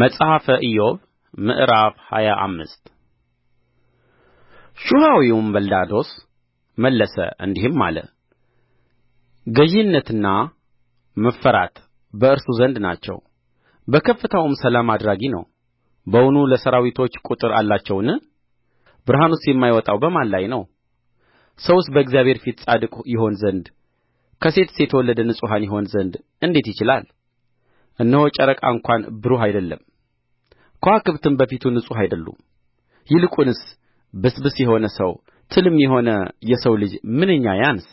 መጽሐፈ ኢዮብ ምዕራፍ ሃያ አምስት ሹሐዊውም በልዳዶስ መለሰ እንዲህም አለ ገዢነትና መፈራት በእርሱ ዘንድ ናቸው፣ በከፍታውም ሰላም አድራጊ ነው። በውኑ ለሠራዊቶች ቍጥር አላቸውን? ብርሃኑስ የማይወጣው በማን ላይ ነው? ሰውስ በእግዚአብሔር ፊት ጻድቅ ይሆን ዘንድ ከሴትስ የተወለደ ንጹሕ ይሆን ዘንድ እንዴት ይችላል? እነሆ ጨረቃ እንኳ ብሩህ አይደለም ከዋክብትም በፊቱ ንጹሐን አይደሉም ይልቁንስ ብስብስ የሆነ ሰው ትልም የሆነ የሰው ልጅ ምንኛ ያንስ